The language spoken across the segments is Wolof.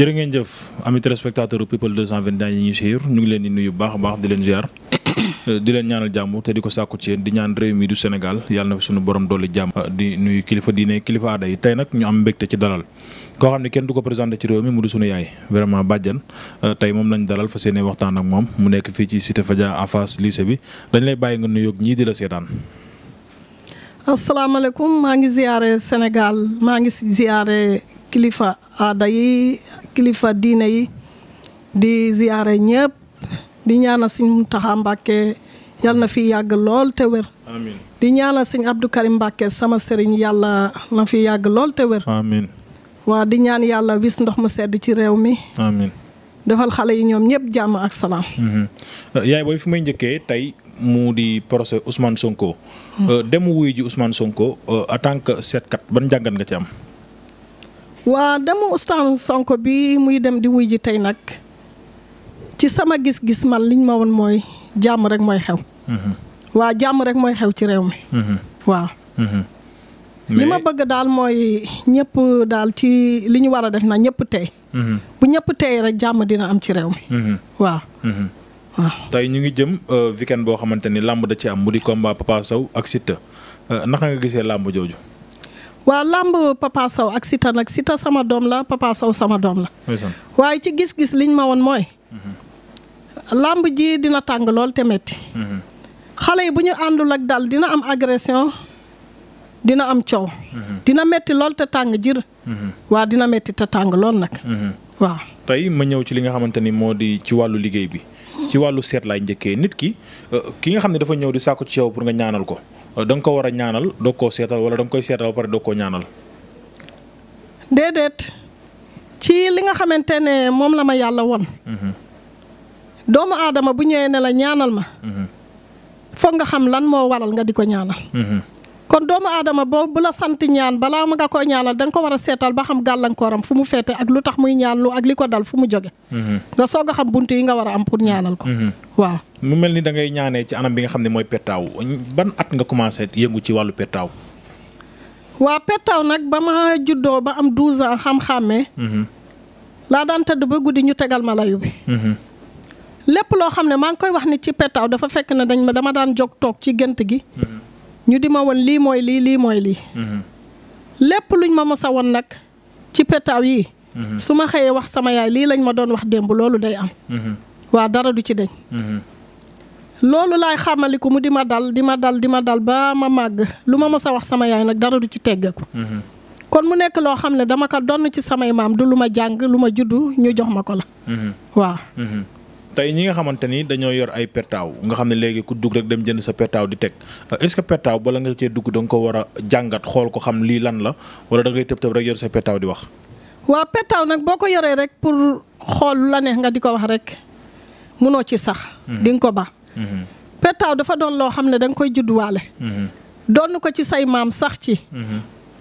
jërë ngeen jëf ami téléspectateur people 221 yi ñu suivre ñu ngi leen di nuyu bu baax a baax di leen ziar di leen ñaanal jàmm te di ko sàkku ci di ñaan réew mi du Sénégal yàlla na fi suñu borom dolli jàmm di nuyu kilifa diine kilifa aada yi tey nag ñu am mbégte ci dalal koo xam ne kenn du ko présenté ci réew mi mu du suñu yaay vraiment bàjjan euh, tey moom lañ dalal fa seeni waxtaan ak moom mu nekk fii ci cité Fadia en face lycée bi dañ lay bàyyi nga nuyoog ñii di la seetaan asalaamaaleykum maa ngi ziare Sénégal maa ngi ziare kilifa aada yi kilifa diine yi di ziyaare ñëpp di ñaanal sëñ Muntaxa Mbàkke yàlla na fi yàgg lool te wér. amiin di ñaanal sëñ Abdou Karim Mbàkke sama sëriñ yàlla na fi yàgg lool te wér. amiin waa di ñaan yàlla wis ndox mu sedd ci réew mi. amiin defal xale yi ñoom ñëpp jàmm ak salaam. Mm-hmm. Uh, yaay booy fi may njëkkee tey mu di procès Ousmane Sonko. Mm. Uh, dem wuyu ji usmaan Sonko uh, en tant que seetkat ban jàngat nga ci am. waa dama Ousmane Sonko bi muy dem di wuy ji tey nag ci sama gis-gis man liñ ma woon mooy jàmm rek mooy xew. Mhm. waa jàmm rek mooy xew ci réew mi. Mhm. waaw. Mhm. li ma bëgg daal mooy ñëpp daal ci li ñu war a def na ñëpp tey. bu ñëpp tey rek jàmm dina am ci réew mi. waaw. waaw tey ñu ngi jëm euh, weekend boo xamante ni làmb da ci am mu di combat Papa Sow ak Siteu euh, naka nga gisee làmb jooju. waa làmb Papa Sow ak Siteu nag sita sama doom la Papa Sow sama doom la. waaye ci gis-gis liñ ma woon mooy. Mhm. làmb ji dina tàng lool te metti mhm. xale yi bu ñu àndul ak dal dina am agression dina am coow. Mhm. dina metti lool te tàng jir. waa dina metti te tàng lool nag. waaw tey ma ñëw ci li nga xamante ni moo di ci wàllu liggéey bi. ci wàllu seet laay njëkkee nit ki euh, ki nga xam ne dafa ñëw di sàkku ci yow pour nga ñaanal ko. Euh, da nga ko war a ñaanal doo koo seetal wala da nga koy seetal ba pare doo koo ñaanal. déedéet ci li nga xamante ne moom la ma yàlla won mhm. doomu aadama bu ñëwee ne la ñaanal ma. Mhm. foog nga xam lan moo waral nga di ko ñaanal. Mhm. kon doomu aadama boobu bu la sant ñaan balaa ma nga koy ñaanal da ko war a seetal ba xam gàllankooram fu mu féete ak lu tax muy ñaanlu ak li ko dal fu mu jóge mm-hmm. nga soog a xam bunt yi nga war a am pour ñaanal ko mm-hmm. waaw mel ni da ngay ñaanee ci anam bi nga xam ne mooy pettaaw ban at nga commencé yëngu ci wàllu pettaaw waa pettaaw nag ba ma juddoo ba am 12 ans xam-xàmmee mm-hmm. laa daan tëdd ba guddi ñu tegal ma layu bi lépp loo xam ne maa ngi koy wax nit ci pettaaw dafa fekk ne dañ ma dama daan jóg toog ci gént gi ñu di ma won lii mooy lii lii mooy lii. Mm-hmm. lépp luñ ma mos a won nag ci petaaw yi. Mm-hmm. su ma xëyee wax sama yaay lii lañ ma doon wax démb loolu day am. Mm-hmm. waa dara du ci deñ loolu laay xamaliku mu di ma dal di ma dal di ma dal ba ma màgg lu ma mos a wax sama yaay nag dara du ci teggeeku. kon mu nekk loo xam ne dama ko donn ci samay maam du lu ma jàng lu ma juddu ñu jox ma ko la. waaw. tey ñi nga xamante ni dañoo yor ay pertaaw nga xam ne léegi ku dugg rek dem jënd sa pertaaw di teg euh, est-ce bala nga cee dugg da nga ko war a jàngat xool ko xam lii lan la wala da ngay tëb tëb rek yor sa pertaaw di wax. waaw pertaaw nag boo ko yoree rek pour xool la neex nga di ko wax rek munoo ci sax. Mhm. di nga ko ba. Mhm. pertaaw dafa doon loo xam ne da nga koy judduwaale. Mhm. doon ko ci say maam sax ci.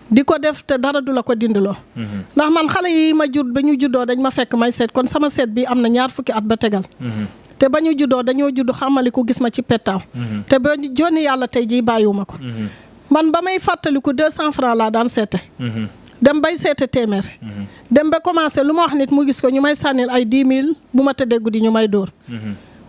di ko def te dara du la ko dindiloo mhm. ndax man xale yi ma jur ba ñu juddoo dañ ma fekk may seet kon sama seet bi am na ñaar fukki at ba tegal mhm. te ba ñu juddoo dañoo judd xamaliku gis ma ci pettaaw mhm. te ba jonni yàlla tey jii ma ko man ba may fàttaliku deux cent francs laa daan seete dem bay seete téeméer dem ba commencé lu ma wax nit mu gis ko ñu may sànnil ay dix mille bu ma tëddee guddi ñu may dóor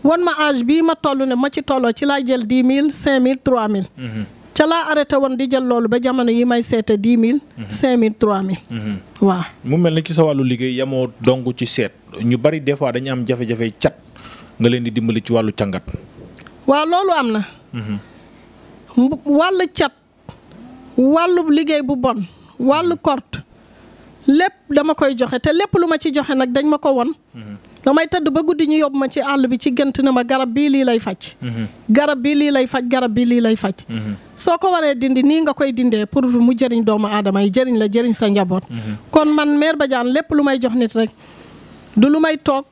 won ma âge bii ma tollu ne ma ci tolloo ci laay jël dix mille cinq mille mille ca laa arrêté woon di jël loolu ba jamono yi may seete dix mille. Mhm. cinq mille trois mille. Mhm. waaw mu mel ni ci sa wàllu liggéey yamoo dong ci seet ñu bari des fois dañu am jafe-jafe cat nga leen di dimbali ci wàllu càngat. waa loolu am na. Mhm. wàllu cat wàllu liggéey bu bon wàllu kort lépp dama koy joxe te lépp lu ma ci joxe nag dañ ma ko won damay tëdd ba guddi ñu yóbbu ma ci àll bi ci gént na ma garab bii lii lay faj. garab bii lii lay faj garab bii lii lay faj. soo ko waree dindi nii nga koy dindee pour mu jëriñ doomu aadama yi jëriñ la jëriñ sa njaboot. Mhm. kon man meer ba Badiane lépp lu may jox nit rek du lu may toog.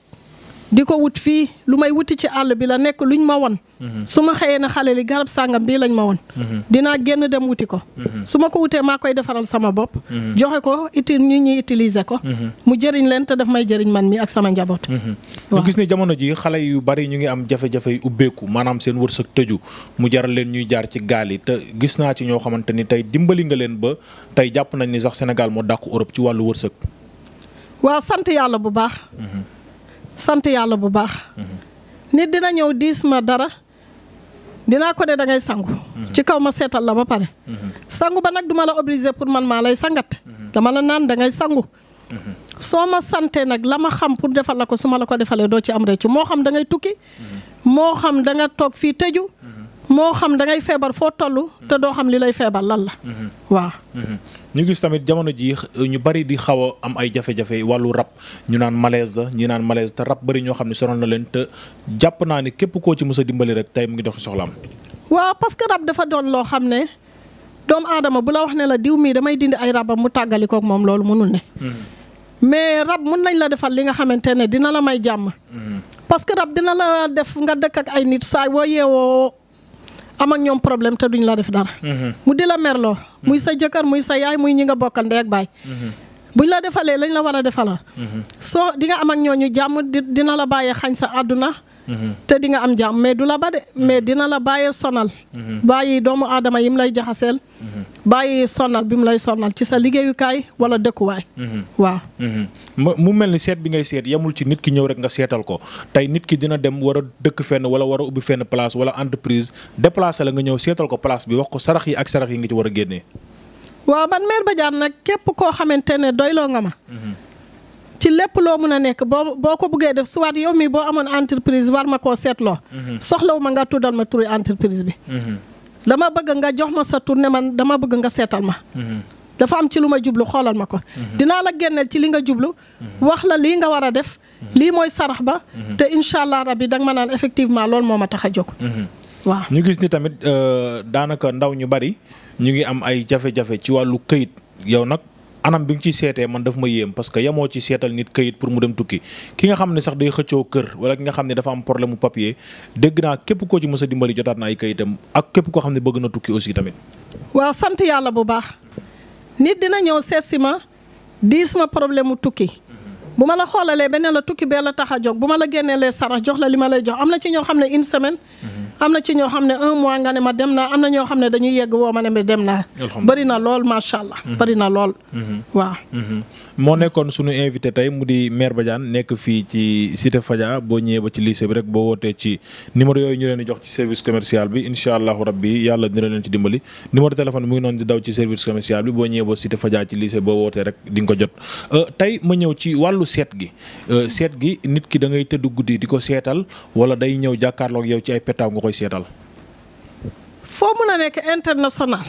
di ko wut fii lu may wuti ci àll bi la nekk luñ ma won mhm. su ma xëyee na xale li garab sàngam bii lañ ma won mhm. dinaa génn dem wuti ko mhm. su ma ko wutee maa koy defaral sama bopp joxe ko itil ñu ñuy utiliser ko mu jëriñ leen te daf may jariñ man mi ak sama njaboot ñu gis ni jamono ji xale yu bari ñu ngi am jafe-jafe yu ubbeeku maanaam seen wërsëg tëju mu jaral leen ñuy jaar ci gaal yi te gis naa ci ñoo xamante ni tey dimbali nga leen ba tey jàpp nañ ni sax Sénégal moo dàqu Europe ci wàllu wërsëg sant yàlla bu baax. nit dina ñëw diis ma dara dinaa ko ne da ngay sangu. ci kaw ma seetal la ba pare. sangu ba nag duma la obligé pour man maa lay sangat. dama la naan da ngay sangu. soo ma santee nag la ma xam pour defal la ko su ma la ko defalee doo ci am rëccu moo xam da ngay tukki. moo xam da nga toog fii tëju. moo xam da ngay feebar foo toll. te doo xam li lay feebar lan la. Mhm. waaw. Mhm. ñu gis tamit jamono ji ñu bari di xaw a am ay jafe-jafe wàllu rab ñu naan malaise la ñi naan malaise te rab bari ñoo xam ne sonal na leen te jàpp koo ci mës a dimbali rek mu ngi dox soxlaam. waaw parce que rab dafa doon loo xam ne doomu aadama bu la wax ne la diw mii damay dindi ay rabam mu tàggali moom loolu mënul ne. Mhm. mais rab mun nañ la defal li nga xamante ne dina la may jàmm. parce que rab dina la def nga dëkk ak ay nit saa boo yeewoo. am ak ñoom problème te duñ la def dara. Mhm. mu di la merloo. Mhm. muy sa jëkkër muy sa yaay muy ñi nga bokkal ndey ak mhm. bu ñu la defalee lañ la war a defalal. soo di nga am ak ñooñu jàmm dina la bàyyee xañ sa àdduna. Mm-hmm. te di nga am jàmm mais du la ba de mm-hmm. mais dina la bàyyee sonal. Mm-hmm. bàyyi doomu aadama yi mu lay jaxaseel. bàyyi sonal bi mu lay sonal ci sa liggéeyukaay wala dëkkuwaay. waaw. mu mel ni seet bi ngay seet yamul ci nit ki ñëw rek nga seetal ko tey nit ki dina dem war a dëkk fenn wala war a ubbi fenn place wala entreprise déplacé la nga ñëw seetal ko place bi wax ko sarax yi ak sarax yi nga ci war a génnee. waaw man mère Badiane nag képp koo xamante ne doyloo nga ci lépp loo mën a nekk boo boo ko bëggee def soit yow mi boo amoon entreprise war ma koo seetloo. Mhm. soxlawu ma nga tuddal ma turi entreprise bi. Mhm. dama bëgg nga jox ma sa tur ne man dama bëgg nga seetal ma. Mhm. dafa am ci lu ma jublu xoolal ma ko. dinaa la génneel ci li nga jublu. wax la lii nga war a def. lii mooy sarax ba. te incha allah rabi danga ma naan effectivement loolu moo ma tax a jóg. waaw ñu gis ni tamit euh, daanaka ndaw ñu bari ñu ngi am ay jafe-jafe ci wàllu këyit yow nag. anam bi nga ciy seetee man daf ma yéem parce que yemoo ci seetal nit kayit pour mu dem tukki ki nga xam ne sax day xëccoo kër wala ki nga xam ne dafa am problème mu papier dégg naa képp koo ci mës a dimbali jotaat na ay kayitam ak képp koo xam ne bëgg na tukki aussi tamit. waaw sant yàlla bu baax nit dina ñëw seet si ma diis ma problème mu tukki. Mhm. bu ma la xoolalee beneen la tukki bee la tax a jóg bu ma la génneelee sarax jox la li ma lay jox am na ci ñoo xam ne une semaine. Mhm. am na ci ñoo xam ne un mois nga ne ma dem naa am na ñoo xam ne dañuy yegg woo ma ne ma dem naa. bëri na lool macha allah. Mhm. bëri na lool. Mhm. waaw. Mhm. moo nekkoon sunu invité tey mu di maire Badiane nekk fii ci Cité Fadia boo ñëwee ba ci lycée bi rek boo wootee ci numéro yooyu ñu leen jox ci service commercial bi incha allahu rabbi yàlla dina leen ci dimbali numéro téléphone mu ngi noonu di daw ci service commercial bi boo ñëwee ba Cité Fadia ci lycée boo wootee rek di nga euh, seet gi euh, seet gi nit ki da ngay tëdd guddi di ko seetal wala day ñëw jàkkaarloog yow koy seetal. foo mun a nekk international.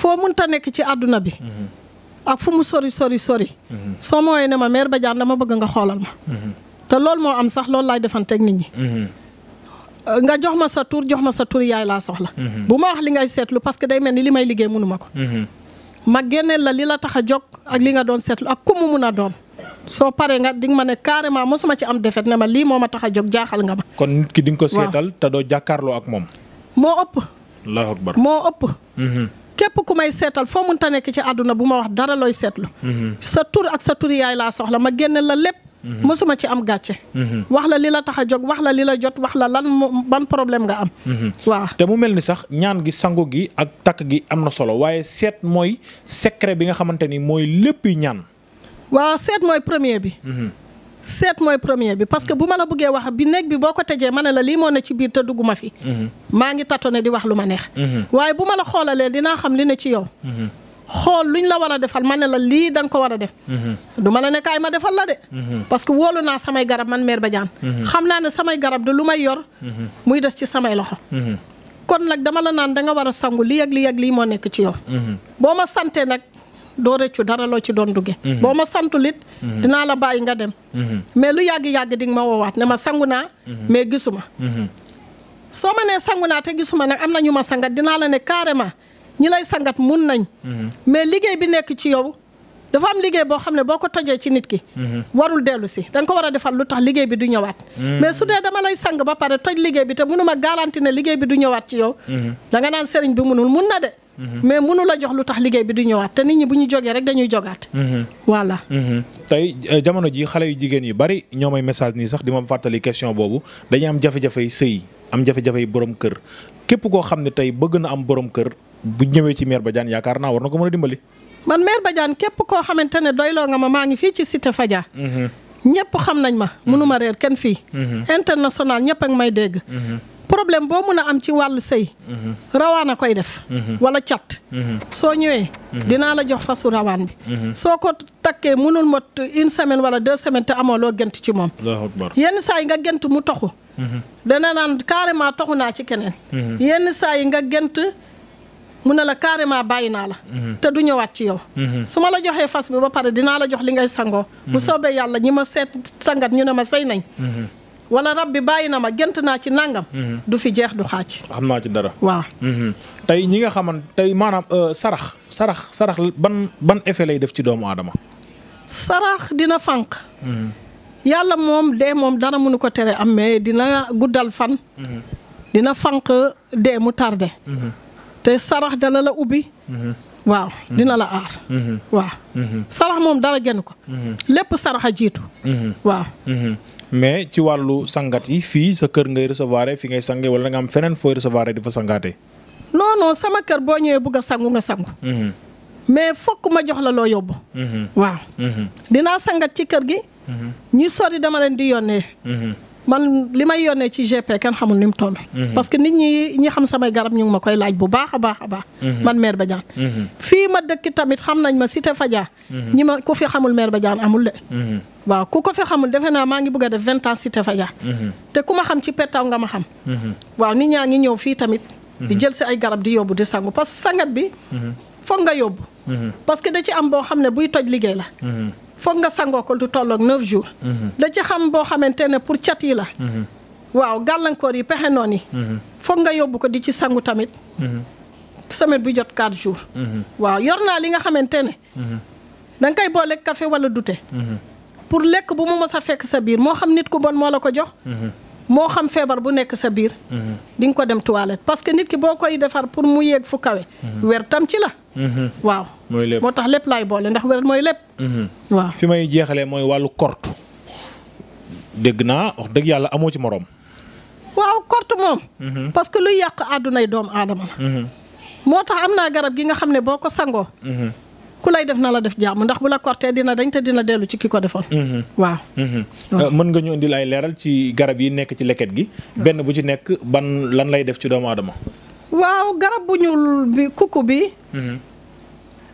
foo munta nekk ci àdduna bi. ak fu mu sori sori sori. soo ma wooyee ne ma mère Badiane dama bëgg nga xoolal ma. te loolu moo am sax loolu laay defanteeg nit ñi. nga jox ma sa tur jox ma sa tur yaay laa soxla. bu ma wax li ngay seetlu parce day mel ni li may liggéey mënu ko. Mhm. ma génneel la li la tax a jóg ak li nga doon seetlu ak ku mu mun a doon. soo paree nga di nga ma ne carrément mosuma ci am defet ne ma lii moo ma tax a jóg jaaxal nga ma. kon nit ki di ko seetal te doo jàkkaarloo ak moom. moo ëpp. moo ëpp. Mm-hmm. képp ku may seetal foo mun ta nekk ci àdduna bu ma wax dara looy seetlu. Mm-hmm. sa tur ak sa tur yaay laa soxla ma génne la lépp. mësuma mm-hmm. ci am gàcce. wax la li la tax a jog wax la li la jot wax la lan ban problème nga am. waaw te mu mel ni sax ñaan gi sangu gi ak takk gi am na solo waaye seet mooy secret bi nga xamante ni mooy léppi ñaan. waaw seet mooy premier bi. Mhm. seet mooy premier bi parce que bu ma la bëggee wax bi néeg bi boo ko tëjee ma ne la lii moo ne ci biir te dugguma fi. Mhm. maa ngi tâtonné di wax lu ma neex. Mhm. waaye bu ma la xoolalee dinaa xam li ne ci yow. xool luñ la war a defal ma ne la lii da ko war a def. du ma ne kaay ma defal la de. parce que wóolu naa samay garab man ba Badiane. xam naa ne samay garab du lu may yor. muy des ci samay loxo. kon nag dama la naan da nga war a sangu li ak li ak lii moo nekk ci yow. boo ma santee nag. doo rëccu dara loo ci doon duggee. Mhm. boo ma santul it mhm. dinaa la bàyyi nga dem. Mhm. mais lu yàgg yàgg di nga ma woowaat ne ma sangu naa. mais ma soo ma nee sangu naa te gisuma ne am na ñu ma sangat dinaa la ne carrément ñi lay sangat mun nañ. mais liggéey bi nekk ci yow. dafa am liggéey boo xam ne boo ko tojee ci nit ki. Mm-hmm. warul dellu si da ko war a defal lu tax liggéey bi du ñëwaat. Mm-hmm. mais su dee dama lay sang ba pare toj liggéey bi te mënu ma garanti ne liggéey bi du ñëwaat ci yow. Mm-hmm. da nga naan sëriñ bi mënul mun na de. mais mënu a jox lu tax liggéey bi du ñëwaat te nit ñi bu ñu jógee rek dañuy jogaat. voilà. tey euh, jamono ji xale yu jigéen yi bari ñoo may message nii sax di ma fàttali question boobu dañuy am jafe-jafey sëy am jafe-jafey borom kër képp koo xam ne tey bëgg na am borom kër bu ñëwee ci mère Badiane yaakaar naa na ko mën a dimbali man mère Badiane képp koo xamante ne doyloo nga ma maa ngi fii ci cité Fadia. Mhm. ñëpp xam nañ ma mënuma mhm. réer kenn fii. Mhm. international ñëpp a may dégg. problème boo mën a am ci wàll sëy rawaan a koy def wala cat soo ñëwee dinaa la jox fasu rawaan bi soo ko takkee mënul mot une semaine wala deux semaine te amoo loo gënt ci moom yenn saa yi nga gënt mu toxu dana naan carrément toxu naa ci keneen yenn saa yi nga gënt mun ne la carrément bàyyi naa la. Mhm. te du ñëwaat ci yow. Mhm. su ma la joxee fas bi ba pare dinaa la jox li ngay sangoo. bu mhm. soobee yàlla ñi ma seet sangat ñu ne ma say nañ. wala rab bi bàyyi na ma gént naa ci nàngam du fi jeex du xàcc xam naa ci dara. waaw. tey ñi nga xaman tey maanaam euh, sarax sarax sarax ban ban effet lay def ci doomu aadama. sarax dina fànq. yàlla moom dee moom dara mënu ko tere am mais dina guddal fan. dina fànq dee mu tardé. te sarax dana la ubbi. waaw dina la aar. waaw sarax moom dara gën ko. lépp sarax a jiitu. waaw. mais ci wàllu sangat yi fii sa kër ngay recevoir fi ngay sange wala nga am feneen fooy recevoir di fa sangaate. non sama kër boo ñëwee bugg a sangu nga sangu. mais fokk ma jox la loo yóbbu. waaw mhm. dinaa sangat ci kër gi. ñi sori dama leen di yónnee. man li may yónnee ci GP kenn xamul ni mu toll. Mhm. parce que nit ñi ñi xam samay garab ñu ma koy laaj bu baax a baax a baax. Mhm. man mère Badiane. Mhm. fii ma dëkk tamit xam nañ ma Cité Fadia. ñi ma ku fi xamul mère Badiane amul de. waaw ku ko fi xamul defe naa maa ngi bëgg a def vingt ans Cité Fadia. te ku ma xam ci pettaw nga ma xam. waaw nit ñaa ngi ñëw fii tamit. di jël si ay garab di yóbbu di sangu parce que sangat bi. foog nga yóbbu. parce que da ci am boo xam ne buy toj liggéey la. foog nga sangoo ko lu tolloog neuf jours. Mhm. da ci xam boo xamante ne pour cat yi la. Mhm. waaw gàllankoor yi pexe noon yi. Mhm. foog nga yóbbu ko di ci sangu tamit. semaine bu jot quatre jours. waaw yor naa li nga xamante ne. da koy boole café wala dute. pour lekk bu mu mës a fekk sa biir moo xam nit ku bon moo la ko jox. moo xam feebar bu nekk sa biir. di nga ko dem toilette parce que nit ki boo koy defar pour mu yéeg fu kawe. weer tam ci la. waaw. mooy moo tax lépp laay boole ndax wéral mooy lépp. Mhm. fi may jeexalee mooy wàllu kort dégg naa wax dëgg yàlla amoo ci moroom. waaw kortu moom. Mhm. parce que luy yàq àdduna yi doomu aadama la. Mhm. moo tax am naa garab gi nga xam ne boo ko sangoo. ku lay def na la def jàmm ndax bu la kortee dina dañ te dina dellu ci ki ko defoon. waaw. Euh, mën nga ñu indil ay leeral ci garab yi nekk ci leket gi. benn bu ci nekk ban lan lay def ci doomu aadama. waaw garab bu ñuul kukku bi.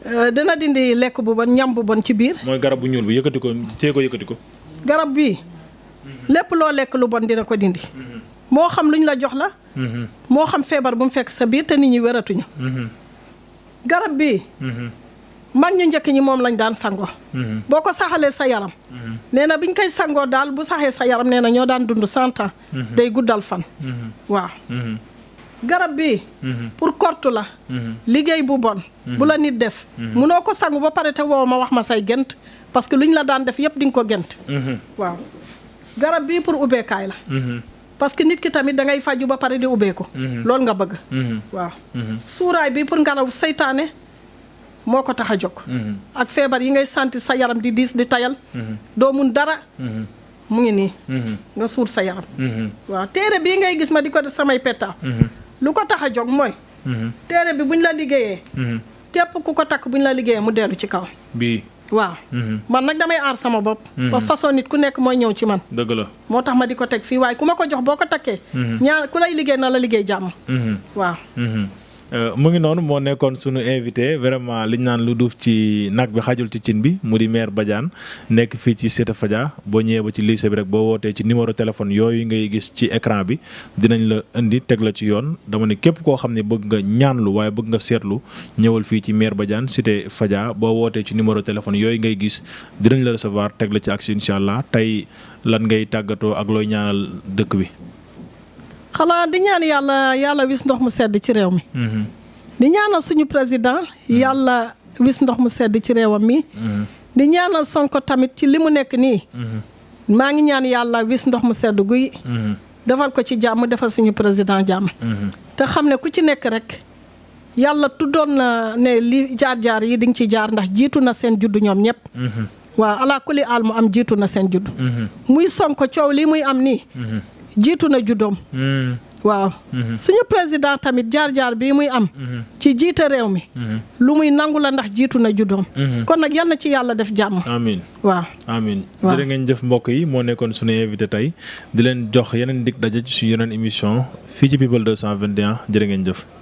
Euh, dina dindi lekk bu bon ñam bu bon ci biir. mooy garab bu ñuul bi yëkkati ko téye ko yëkkati ko. garab bii. Mhm. lépp loo lekk lu bon dina ko dindi. Mhm. moo xam luñ la jox la. Mhm. moo xam feebar bu mu fekk sa biir te nit ñi wératuñu. garab bii. mag ñu njëkk ñi moom lañ daan sangoo. boo ko saxalee sa yaram. nee na biñ koy sangoo daal bu saxee sa yaram nee na ñoo daan dund cent ans. day guddal fan. waaw. garab bi mhm. pour korte la mhm. liggéey bu bon mhm. bu la nit def munoo ko sangu ba pare te woo ma wax ma say gent parce que lu ñu la daan def yëpp di nga ko gent waaw garab bii pour ubbeekaay la parce que nit ki tamit da ngay faju ba pare di ubbeeku loolu nga bëgg waaw suuraay bi pour ngelaw seytaane moo ko tax a jóg ak feebar yi ngay sentir sa yaram di diis di tayal doo mun dara mu ngi nii nga suur sa yaram waaw téere bii ngay gis ma di ko def samay pettaaw lu ko tax a jóg mooy. Mhm. téere bi buñ la liggéeyee. Mhm. képp ku ko takk buñ la liggéeyee mu dellu ci kaw. bii waaw. Mhm. man nag damay aar sama bopp. parce que façon ku nekk mooy ñëw ci man. dëgg moo tax ma di ko teg fii waaye ku ma ko jox boo ko takkee. ñaar ku lay liggéey na la liggéey jàmm. waaw. Euh, mu ngi noonu moo nekkoon sunu invité vraiment liñ naan lu duuf ci nag bi xajul ci cin bi mu di maire Badiane nekk fii ci Cité Fadia boo ñëwee ba ci lycée bi rek boo wootee ci numéro téléphone yooyu ngay gis ci écran bi dinañ la indi teg la ci yoon dama képp koo xam ne bëgg nga ñaanlu bëgg nga seetlu ñëwal fii ci maire Badiane Cité Fadia boo wootee ci numéro yooyu ngay gis dinañ la recevoir teg ci ak si allah tey lan ngay tàggatoo ak looy ñaanal dëkk bi. xanaa di ñaan yàlla yàlla wis ndox mu sedd ci réew mi. Mm-hmm. di ñaanal suñu président mm-hmm. yàlla wis ndox mu sedd ci réewam mi. Mm-hmm. di ñaanal sonk tamit ci li mu nekk nii. maa ngi ñaan yàlla wis ndox mu sedd guy. defal ko ci jàmm defal suñu président jàmm. te xam ne ku ci nekk rek yàlla tuddoon na ne li jaar-jaar yi di nga ci jaar ndax jiitu na seen juddu ñoom ñëpp. waaw alaa kulli aal mu am jiitu na seen juddu. muy Sonko coow lii muy am nii. jiitu na ju juddoom hmm. waaw hmm. suñu président tamit jaar-jaar bii muy am hmm. ci jiite réew mi lu muy nangu la ndax jiitu na juddoom kon nag yàlla ci yàlla def jàmm amin waaw amin jërë ngeen jëf mbokk yi moo nekkoon suñu invité tey di leen jox yeneen dig daje ci suñu yeneen émission fii ci people 221 jërë ngeen jëf